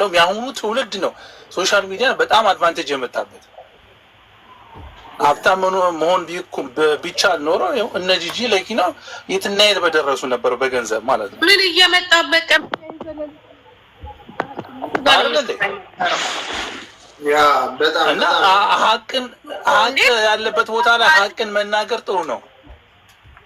ነው። የአሁኑ ትውልድ ነው ሶሻል ሚዲያ በጣም አድቫንቴጅ የመጣበት። ሀብታም መሆን ቢቻል ኖሮ እነ ጂጂ ለኪና የትና የት በደረሱ ነበር፣ በገንዘብ ማለት ነው። ምን እየመጣበት እና ሀቅን ሀቅ ያለበት ቦታ ላይ ሀቅን መናገር ጥሩ ነው።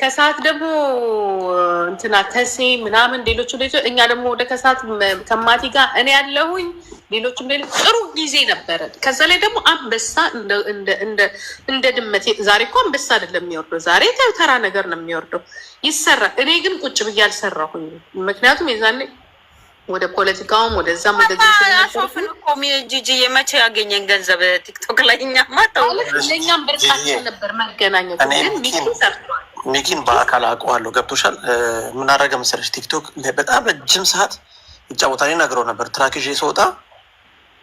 ከሰዓት ደግሞ እንትና ተሴ ምናምን ሌሎች ልጆ እኛ ደግሞ ወደ ከሰዓት ከማቲ ጋር እኔ ያለሁኝ ሌሎችም ሌሎች ጥሩ ጊዜ ነበረ። ከዛ ላይ ደግሞ አንበሳ እንደ ድመት ዛሬ እኮ አንበሳ አይደለም የሚወርደው፣ ዛሬ ተራ ነገር ነው የሚወርደው። ይሰራ እኔ ግን ቁጭ ብዬ አልሰራሁኝ። ምክንያቱም የዛኔ ወደ ፖለቲካውም ወደዛም ወደዚህሽፍን የመቼ ያገኘን ገንዘብ ቲክቶክ ላይ እኛማ ተው፣ ለእኛም ብርቃቸው ነበር መገናኘት ግን ሚኪ ሰርቷል። ሚኪን በአካል አውቀዋለሁ። ገብቶሻል። የምናደርገ መሰለሽ ቲክቶክ በጣም ረጅም ሰዓት ይጫወታል። ነግረው ነበር ትራክ ይዤ ስወጣ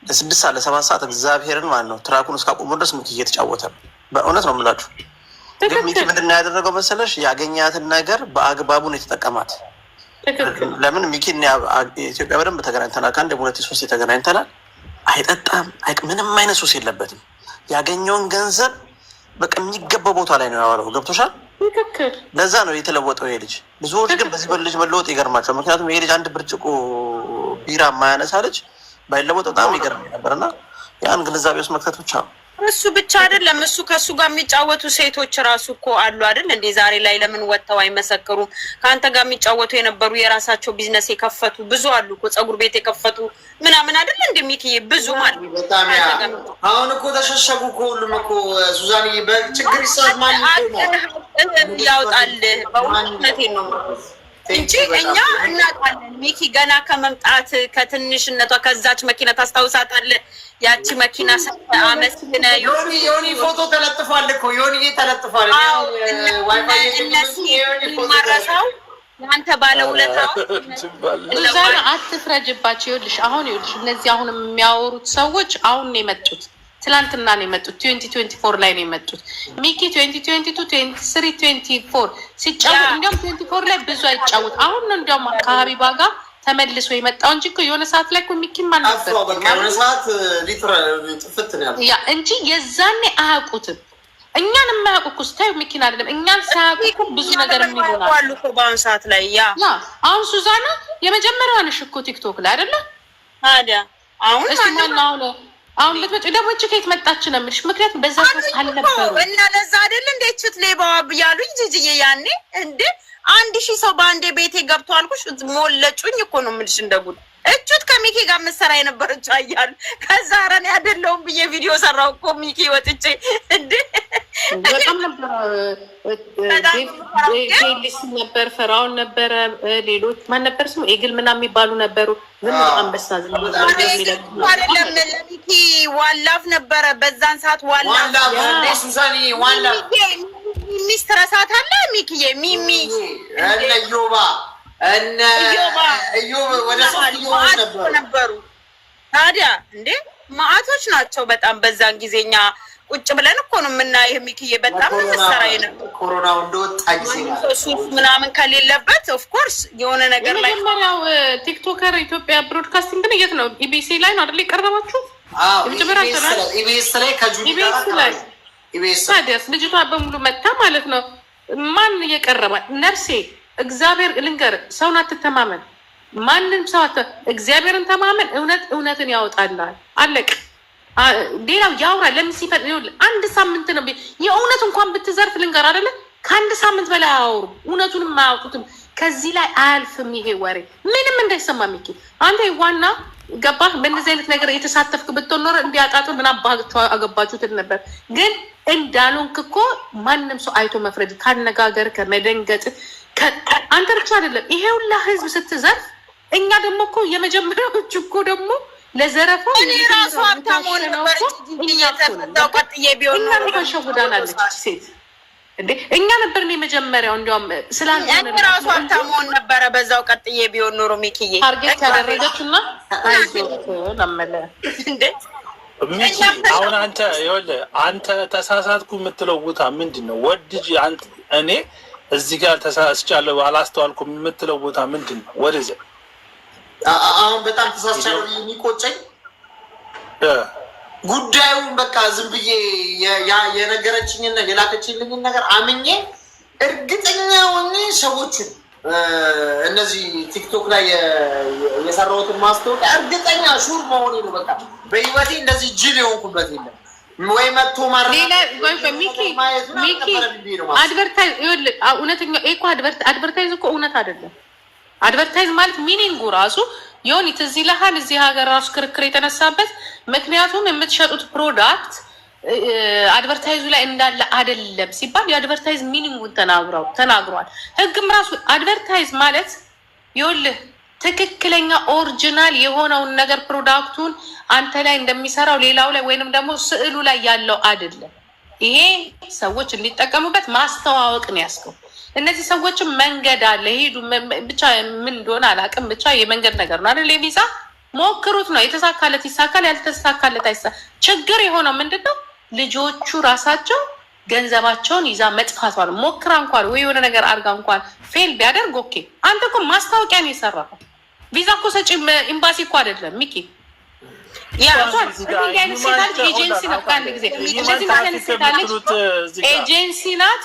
ለስድስት ሰዓት ለሰባት ሰዓት እግዚአብሔርን ማለት ነው ትራኩን እስካቆሙ ድረስ ሚኪ እየተጫወተ በእውነት ነው የምላችሁ። ግን ሚኪ ምንድን ነው ያደረገው መሰለሽ ያገኛትን ነገር በአግባቡ ነው የተጠቀማት። ለምን ሚኪ ኢትዮጵያ በደንብ ተገናኝተናል። ከአንድ ሁለት ሶስት የተገናኝተናል። አይጠጣም፣ ምንም አይነት ሱስ የለበትም። ያገኘውን ገንዘብ በቃ የሚገባው ቦታ ላይ ነው ያዋለው። ገብቶሻል ለዛ ነው የተለወጠው ይሄ ልጅ። ብዙዎች ግን በዚህ በልጅ መለወጥ ይገርማቸዋል። ምክንያቱም ይሄ ልጅ አንድ ብርጭቆ ቢራ ማያነሳ ልጅ ባይለወጥ በጣም ይገርም ነበር እና ያን ግንዛቤ ውስጥ መክተት ብቻ ነው። እሱ ብቻ አይደለም። እሱ ከእሱ ጋር የሚጫወቱ ሴቶች ራሱ እኮ አሉ አይደል? እንዴ ዛሬ ላይ ለምን ወጥተው አይመሰክሩም? ከአንተ ጋር የሚጫወቱ የነበሩ የራሳቸው ቢዝነስ የከፈቱ ብዙ አሉ እኮ ፀጉር ቤት የከፈቱ ምናምን አይደል? እንደ ሚኪዬ ብዙ ማለት አሁን እኮ ተሸሸጉ እኮ ሁሉም እኮ ሱዛን በችግር ይሰማል ያውጣል። በእውነቴን ነው እንጂ እኛ እናውቃለን። ሚኪ ገና ከመምጣት ከትንሽነቷ ከዛች መኪና ታስታውሳታለህ? ያቺ መኪና አመስግነ ዮኒ ፎቶ ተለጥፏል እኮ ዮኒ ተለጥፏል። ማረሰው አንተ ባለውለታ አትፍረጅባቸው። ይኸውልሽ አሁን ይኸውልሽ እነዚህ አሁን የሚያወሩት ሰዎች አሁን ነው የመጡት ትላንትና ነው የመጡት። ትዌንቲ ትዌንቲ ፎር ላይ ነው የመጡት። ሚኪ ትዌንቲ ትዌንቲ ቱ ትዌንቲ ስሪ ትዌንቲ ፎር ሲጫወት እንዲሁም ትዌንቲ ፎር ላይ ብዙ አይጫወት። አሁን ነው እንዲሁም ከሀቢባ ጋር ተመልሶ የመጣው እንጂ የሆነ ሰዓት ላይ እኮ ሚኪም አልነበር uh, ያ እንጂ የዛኔ አያውቁትም። እኛን የማያውቁ እኮ ስታዩ ሚኪን አይደለም እኛን ሳያውቁ ብዙ ነገር የሚሆናሉ በአሁኑ ሰዓት ላይ ያ አሁን ሱዛና የመጀመሪያዋ ነሽ እኮ ቲክቶክ ላይ አይደለ ታዲያ አሁን አሁን አሁን ልትመጪ ደግሞ እች ከየት መጣች ነው የምልሽ። ምክንያቱም በዛ ሰዓት አልነበሩ እና ለዛ አይደል እንደ ችት ሌባዋ ብያሉኝ ጂጂዬ። ያኔ እንደ አንድ ሺህ ሰው በአንዴ ቤቴ ገብቶ አልኩሽ ሞለጩኝ እኮ ነው የምልሽ። እንደጉድ እቹት ከሚኪ ጋር ምሰራ የነበረች አያሉ ከዛ ረን ያደለውን ብዬ ቪዲዮ ሰራው እኮ ሚኪ ወጥቼ እንዴ በጣም ነበር ነበር፣ ፈራውን ነበረ፣ ሌሎች ማን ነበር ስሙ ኤግል ምና የሚባሉ ነበሩ። ዝም አንበሳ ለሚኪ ዋላፍ ነበረ በዛን ሰዓት ሚሚ እነ ዮባ እነ ዮባ ወደ ሶስት ነበሩ። ታዲያ እንዴ ናቸው በጣም በዛን ጊዜኛ ቁጭ ብለን እኮ ነው የምናየው። የሚክዬ በጣም የምትሰራ ነበር። ኮሮናው እንደወጣ ጊዜ ሱስ ምናምን ከሌለበት ኦፍኮርስ የሆነ ነገር ላይ የመጀመሪያው ቲክቶከር ኢትዮጵያ ብሮድካስቲንግ ግን የት ነው? ኢቢሲ ላይ ነው አደለ የቀረባችሁ? ኢቢኤስ ላይ ከጁቢስ ታዲያስ ልጅቷ በሙሉ መታ ማለት ነው። ማን እየቀረባል? ነፍሴ እግዚአብሔር ልንገር፣ ሰውን አትተማመን። ማንም ሰው እግዚአብሔርን ተማመን። እውነት እውነትን ያወጣላል። አለቅ ሌላው ያውራ ለምን ሲፈል አንድ ሳምንት ነው የእውነት እንኳን ብትዘርፍ ልንገር አደለ ከአንድ ሳምንት በላይ አያወሩ እውነቱንም አያውቁትም። ከዚህ ላይ አያልፍም ይሄ ወሬ ምንም እንዳይሰማ ሚኪ አንተ ዋና ገባህ። በእንደዚህ አይነት ነገር የተሳተፍክ ብትኖረ ኖሮ እንዲያጣጡን አገባችሁትን ነበር። ግን እንዳሉንክ እኮ ማንም ሰው አይቶ መፍረድ ካነጋገር ከመደንገጥ አንተ ብቻ አይደለም ይሄ ሁላ ህዝብ ስትዘርፍ እኛ ደግሞ እኮ የመጀመሪያዎች እኮ ደግሞ ለዘረፋ እኔ ራሱ ሀብታም ሆነ ነበር ሴት እንዴ እኛ ነው የመጀመሪያው። እንዲያውም ስላእኔ ራሱ ሀብታም ሆን ነበረ በዛው ቀጥዬ ቢሆን ኖሮ ሚክዬ ታርጌት ያደረገች እና ለመለ እንዴ ሚኪ አሁን አንተ ይኸውልህ አንተ ተሳሳትኩ የምትለው ቦታ ምንድን ነው? ወድጅ እኔ እዚህ ጋር ተሳስቻለሁ አላስተዋልኩም የምትለው ቦታ ምንድን ነው? ወደዚያ አሁን በጣም ተሳስቻለሁ። የሚቆጨኝ ጉዳዩን በቃ ዝም ብዬ የነገረችኝን የላከችልኝን ነገር አምኜ እርግጠኛ ሆኜ ሰዎቹን እነዚህ ቲክቶክ ላይ የሰራሁትን ማስታወቂያ እርግጠኛ ሹር መሆኔ ነው። በቃ በህይወቴ እንደዚህ ጅል የሆንኩበት የለም ወይ መጥቶ ማራሚኪ አድቨርታይዝ እውነተኛ እኮ አድቨርታይዝ እኮ እውነት አይደለም። አድቨርታይዝ ማለት ሚኒንጉ ራሱ የሆን ትዝ ይልሃል። እዚህ ሀገር ራሱ ክርክር የተነሳበት ምክንያቱም የምትሸጡት ፕሮዳክት አድቨርታይዙ ላይ እንዳለ አይደለም ሲባል የአድቨርታይዝ ሚኒንጉን ተናግሯል። ህግም ራሱ አድቨርታይዝ ማለት ይኸውልህ ትክክለኛ ኦሪጂናል የሆነውን ነገር ፕሮዳክቱን አንተ ላይ እንደሚሰራው ሌላው ላይ ወይንም ደግሞ ስዕሉ ላይ ያለው አይደለም። ይሄ ሰዎች እንዲጠቀሙበት ማስተዋወቅ ነው ያስገው እነዚህ ሰዎችም መንገድ አለ ሄዱ። ብቻ ምን እንደሆነ አላውቅም። ብቻ የመንገድ ነገር ነው አይደል? የቪዛ ሞክሩት ነው። የተሳካለት ይሳካል፣ ያልተሳካለት አይሳ። ችግር የሆነው ምንድን ነው? ልጆቹ ራሳቸው ገንዘባቸውን ይዛ መጥፋቷ ነው። ሞክራ እንኳን ወይ የሆነ ነገር አድርጋ እንኳን ፌል ቢያደርግ ኦኬ። አንተ እኮ ማስታወቂያ ነው የሰራው። ቪዛ እኮ ሰጪ ኤምባሲ እኮ አይደለም ሚኪ ኤጀንሲ ናት።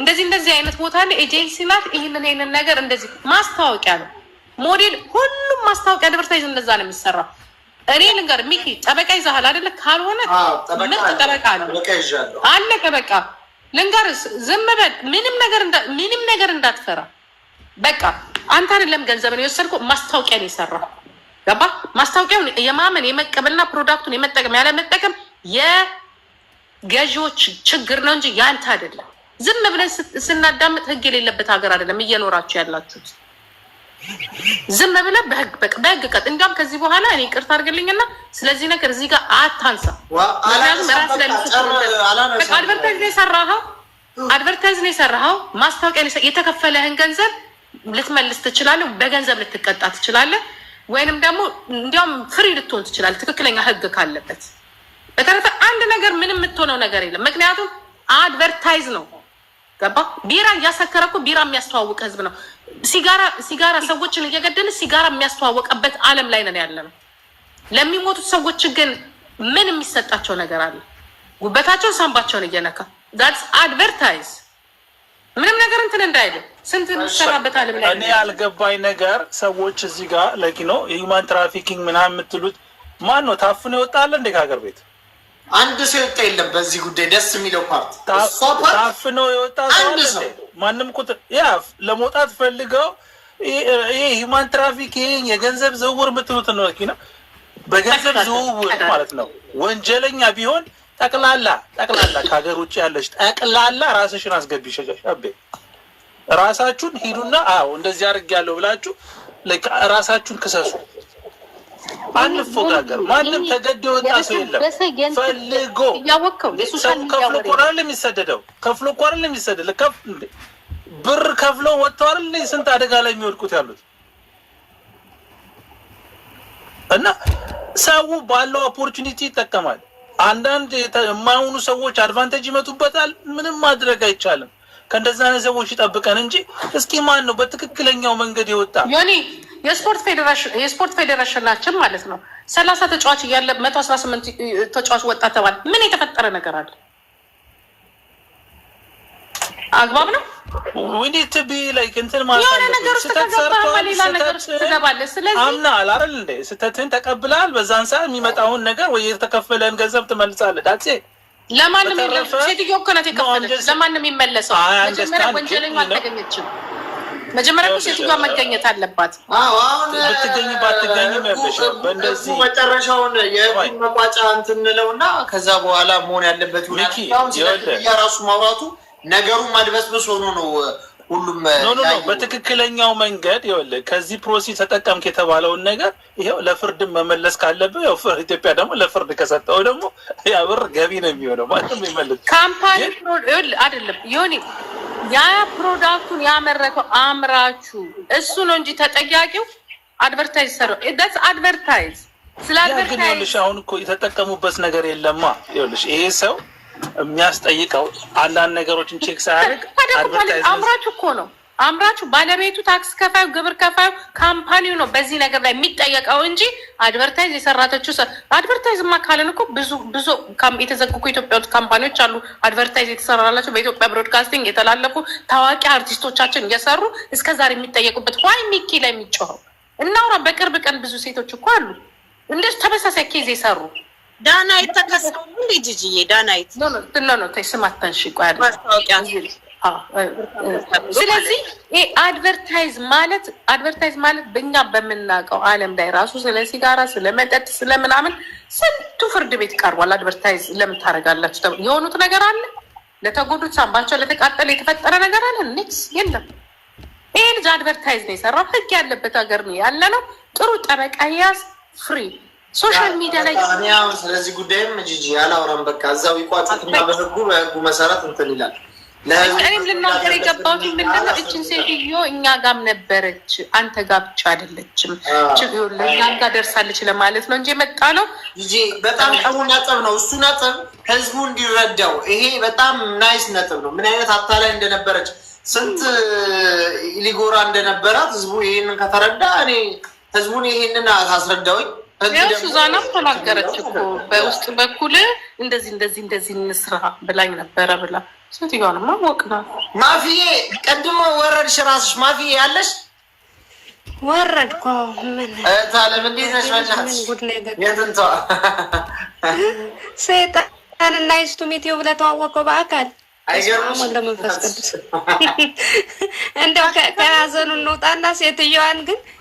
እንደዚህ እንደዚህ አይነት ቦታ ኤጀንሲ ናት። ይህንን ይህንን ነገር እንደዚህ ማስታወቂያ ነው ሞዴል፣ ሁሉም ማስታወቂያ አድቨርታይዝ እንደዛ ነው የሚሰራው። እኔ ልንገር ሚኪ፣ ጠበቃ ይዛሃል አይደለ? ካልሆነ ምርጥ ጠበቃ አለቀ። በቃ ዝም በል ምንም ነገር እንዳትፈራ። በቃ አንተ አይደለም ገንዘብ ነው የወሰድኩ፣ ማስታወቂያ ነው የሰራው ገባ ማስታወቂያውን የማመን የመቀበልና ፕሮዳክቱን የመጠቀም ያለመጠቀም የገዢዎች ችግር ነው እንጂ ያንተ አይደለም። ዝም ብለን ስናዳምጥ ህግ የሌለበት ሀገር አይደለም እየኖራችሁ ያላችሁት። ዝም ብለን በህግ በህግ ቀጥ እንዲያውም ከዚህ በኋላ እኔ ቅርት አድርግልኝና ስለዚህ ነገር እዚህ ጋር አታንሳ። አድቨርታይዝ ነው የሰራኸው፣ አድቨርታይዝ ነው የሰራኸው ማስታወቂያ የተከፈለህን ገንዘብ ልትመልስ ትችላለህ። በገንዘብ ልትቀጣ ትችላለህ። ወይንም ደግሞ እንዲያውም ፍሪ ልትሆን ትችላል፣ ትክክለኛ ህግ ካለበት። በተረፈ አንድ ነገር ምንም የምትሆነው ነገር የለም። ምክንያቱም አድቨርታይዝ ነው። ገባ? ቢራ እያሰከረ እኮ ቢራ የሚያስተዋውቅ ህዝብ ነው። ሲጋራ ሲጋራ ሰዎችን እየገደል ሲጋራ የሚያስተዋወቀበት አለም ላይ ነን ያለ ነው። ለሚሞቱት ሰዎች ግን ምን የሚሰጣቸው ነገር አለ? ጉበታቸውን ሳንባቸውን እየነካ አድቨርታይዝ ምንም ነገር እንትን እንዳይሉ ስንት ሰራበት አለም ላይ እኔ ያልገባኝ ነገር ሰዎች እዚህ ጋር ለኪ ነው የሂውማን ትራፊኪንግ ምናምን የምትሉት ማን ነው? ታፍኖ ይወጣል እንዴ ከሀገር ቤት? አንድ ሰው ይወጣ የለም። በዚህ ጉዳይ ደስ የሚለው ፓርት ታፍኖ ይወጣ ማንም ቁጥር ያ ለመውጣት ፈልገው ይሄ ሂውማን ትራፊኪንግ የገንዘብ ዝውውር የምትሉት ነው። ነው በገንዘብ ዝውውር ማለት ነው ወንጀለኛ ቢሆን ጠቅላላ ጠቅላላ ከሀገር ውጭ ያለች ጠቅላላ ራስሽን አስገቢ። ሸሻቤ ራሳችሁን ሂዱና፣ አዎ እንደዚህ ያለው ብላችሁ ራሳችሁን ክሰሱ። አንፎጋገር። ማንም ተገዶ የወጣ ሰው የለም። ፈልጎ ሰው ከፍሎ እኮ አይደል የሚሰደደው? ከፍሎ እኮ አይደል የሚሰደድ? ብር ከፍሎ ወጥተዋል። አይደል ስንት አደጋ ላይ የሚወድቁት ያሉት እና ሰው ባለው ኦፖርቹኒቲ ይጠቀማል። አንዳንድ የማይሆኑ ሰዎች አድቫንቴጅ ይመቱበታል ምንም ማድረግ አይቻልም። ከእንደዛ አይነት ሰዎች ይጠብቀን እንጂ እስኪ ማን ነው በትክክለኛው መንገድ የወጣ ዮኒ የስፖርት ፌዴሬሽናችን ማለት ነው ሰላሳ ተጫዋች እያለ መቶ አስራ ስምንት ተጫዋች ወጣ ተባለ። ምን የተፈጠረ ነገር አለ? አግባብ ነው? ዊኒት ቢ ላይክ እንትን ማለት ነገር ስህተትህን ተቀብለሃል። በዛን ሰዓት የሚመጣውን ነገር ወይ የተከፈለህን ገንዘብ ትመልሳለህ። ዳሴ ለማንም ሴትዮ እኮ ናት ለማንም መጀመሪያ ወንጀለኛ አልተገኘችም። መጀመሪያ ሴትዮዋ መገኘት አለባት። ብትገኝ ባትገኝም መጨረሻውን መቋጫ እንትን ከዛ በኋላ መሆን ያለበት ሆ ራሱ ማውራቱ ነገሩ መድበስብስ ሆኖ ነው ሁሉም በትክክለኛው መንገድ ይወል ከዚህ ፕሮሲ ተጠቀምክ የተባለውን ነገር ይኸው ለፍርድን መመለስ ካለብህ ያው ኢትዮጵያ ደግሞ ለፍርድ ከሰጠው ደግሞ ያ ብር ገቢ ነው የሚሆነው። ማለትም ይመልስ ካምፓኒ አይደለም ሆኒ ያ ፕሮዳክቱን ያመረከው አምራቹ እሱ ነው እንጂ ተጠያቂው አድቨርታይዝ ሰሩ ስ አድቨርታይዝ ስለ አድቨርታይዝ አሁን እኮ የተጠቀሙበት ነገር የለማ። ይኸውልሽ ይሄ ሰው የሚያስጠይቀው አንዳንድ ነገሮችን ቼክ ሳያደርግ አምራች እኮ ነው አምራቹ ባለቤቱ ታክስ ከፋዩ ግብር ከፋዩ ካምፓኒው ነው በዚህ ነገር ላይ የሚጠየቀው እንጂ አድቨርታይዝ የሰራተችው አድቨርታይዝ ማ ካለን እኮ ብዙ ብዙ የተዘጉ ኢትዮጵያ ውስጥ ካምፓኒዎች አሉ። አድቨርታይዝ የተሰራላቸው በኢትዮጵያ ብሮድካስቲንግ የተላለፉ ታዋቂ አርቲስቶቻችን እየሰሩ እስከ የሚጠየቁበት ዋይ ሚኪ ላይ የሚጮኸው እናውራ። በቅርብ ቀን ብዙ ሴቶች እኮ አሉ እንደ ተመሳሳይ ኬዝ የሰሩ ዳናይት ተከሰው እንዴ? ዳናይት ነው ተይ፣ ስም ስለዚህ አድቨርታይዝ ማለት አድቨርታይዝ ማለት በእኛ በምናውቀው ዓለም ላይ ራሱ ስለ ሲጋራ፣ ስለ መጠጥ፣ ስለ ምናምን ስንቱ ፍርድ ቤት ቀርቧል። አድቨርታይዝ ለምን ታደርጋላችሁ? የሆኑት ነገር አለ ለተጎዱት ሳምባቸው ለተቃጠለ የተፈጠረ ነገር አለ። ኔክስ የለም። ይሄ ልጅ አድቨርታይዝ ነው የሰራው። ህግ ያለበት ሀገር ነው ያለ ነው። ጥሩ ጠበቃ ያዝ ፍሪ ሶሻል ሚዲያ ላይ ስለዚህ ጉዳይም ጂጂ አላወራም። በቃ እዛው ይቋጥት እና በህጉ በህጉ መሰረት እንትን ይላል። እኔም ልናገር የገባሁት ምንድነው፣ እችን ሴትዮ እኛ ጋም ነበረች፣ አንተ ጋ ብቻ አይደለችም፣ እኛ ጋ ደርሳለች ለማለት ነው እንጂ የመጣ ነው። በጣም ጥሩ ነጥብ ነው እሱ ነጥብ፣ ህዝቡ እንዲረዳው ይሄ በጣም ናይስ ነጥብ ነው። ምን አይነት አታላይ እንደነበረች ስንት ሊጎራ እንደነበራት ህዝቡ ይህንን ከተረዳ እኔ ህዝቡን ይህንን አስረዳውኝ ያው ሱዛናም ተናገረች እኮ በውስጥ በኩል እንደዚህ እንደዚህ እንደዚህ እንስራ ብላኝ ነበረ ብላ ሴትዮዋንማ ሞቅናል። ማፊዬ ቀድሞ ወረድሽ ራስሽ ማፊዬ ያለሽ ወረድኩ። ምን እንዴት ነሽ? የትንቷ ሰይጣንና ይስቱ ሚቴው ብለህ ተዋወቀው በአካል ለመንፈስ ቅዱስ እንደው ከሀዘኑ እንውጣና ሴትዮዋን ግን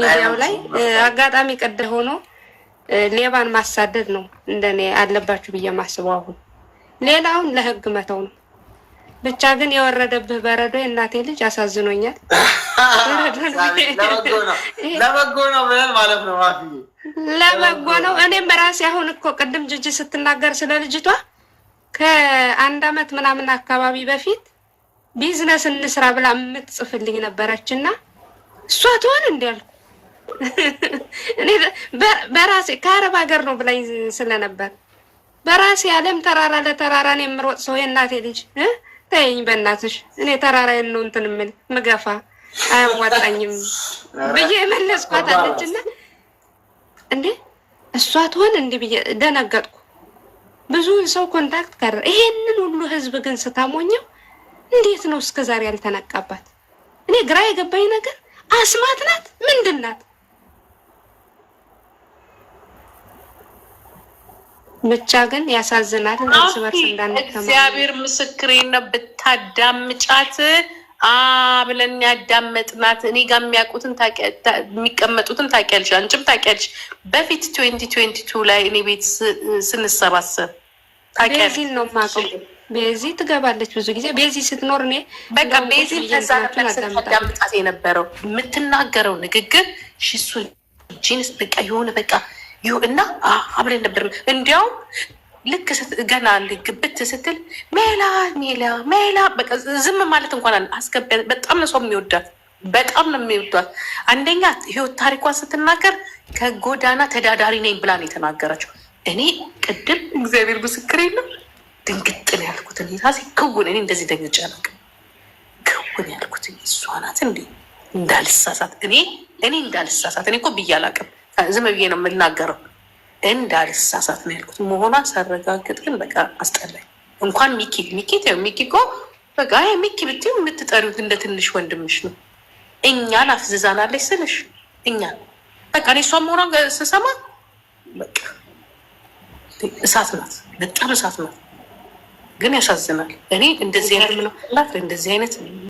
ሚዲያው ላይ አጋጣሚ ቀደ ሆኖ ሌባን ማሳደድ ነው እንደኔ አለባችሁ ብዬ ማስበው። አሁን ሌላውን ለህግ መተው ነው። ብቻ ግን የወረደብህ በረዶ የእናቴ ልጅ አሳዝኖኛል። ለበጎ ነው ብል ማለት ነው ለበጎ ነው። እኔም በራሴ አሁን እኮ ቅድም ጅጅ ስትናገር ስለ ልጅቷ ከአንድ አመት ምናምን አካባቢ በፊት ቢዝነስ እንስራ ብላ የምትጽፍልኝ ነበረች እና እሷ ትሆን እንዲያልኩ እኔ በራሴ ከአረብ ሀገር ነው ብላኝ ስለነበር በራሴ አለም ተራራ ለተራራ ነው የምሮጥ ሰው የእናቴ ልጅ ተይኝ በእናትሽ እኔ ተራራ ነው እንትን የምል ምገፋ አያዋጣኝም ብዬ የመለስኳት አለችና እንዴ እሷ ትሆን እንዲህ ብዬ ደነገጥኩ። ብዙውን ሰው ኮንታክት ከረ ይሄንን ሁሉ ህዝብ ግን ስታሞኘው እንዴት ነው እስከዛሬ ያልተነቃባት? እኔ ግራ የገባኝ ነገር አስማት ናት ምንድን ናት? ብቻ ግን ያሳዝናል። እርስ በርስ እግዚአብሔር ምስክሬ ነው። ብታዳምጫት ብለን ያዳመጥናት እኔ ጋር የሚያውቁትን የሚቀመጡትን ታውቂያለሽ፣ አንቺም ታውቂያለሽ። በፊት ትዌንቲ ትዌንቲ ቱ ላይ እኔ ቤት ስንሰባሰብ ቤዚን ነው የማውቀው። ቤዚ ትገባለች ብዙ ጊዜ ቤዚ ስትኖር እኔ በቃ ቤዚ ከዛ ነበር ስታዳምጣት የነበረው የምትናገረው ንግግር ሽሱ ጂንስ በቃ የሆነ በቃ እና አብረን ነበር። እንዲያውም ልክ ገና ግብት ስትል ሜላ ሜላ ሜላ በቃ ዝም ማለት እንኳን አለ አስገቢያ። በጣም ነው ሰው የሚወዳት፣ በጣም ነው የሚወዷት። አንደኛ ህይወት ታሪኳን ስትናገር ከጎዳና ተዳዳሪ ነኝ ብላን ነው የተናገረችው። እኔ ቅድም እግዚአብሔር ምስክር የለም ድንግጥ ነው ያልኩት እኔ እራሴ ክውን፣ እኔ እንደዚህ ደግጬ ነው ክውን ያልኩት እሷ ናት እንዴ እንዳልሳሳት እኔ እኔ እንዳልሳሳት እኔ እኮ ብዬ አላውቅም ዝም ብዬ ነው የምናገረው። እንዳልሳሳት ነው ያልኩት። መሆኗን ሳረጋግጥ ግን በቃ አስጠላኝ። እንኳን ሚኪ ሚኪ ሚኪ እኮ በቃ ሚኪ ብትይው የምትጠሪው እንደ ትንሽ ወንድምሽ ነው። እኛ ላፍዝዛናለች ስልሽ እኛ በቃ እኔ እሷ መሆኗን ስሰማ በቃ እሳት ናት፣ በጣም እሳት ናት። ግን ያሳዝናል። እኔ እንደዚህ አይነት ምንላት እንደዚህ አይነት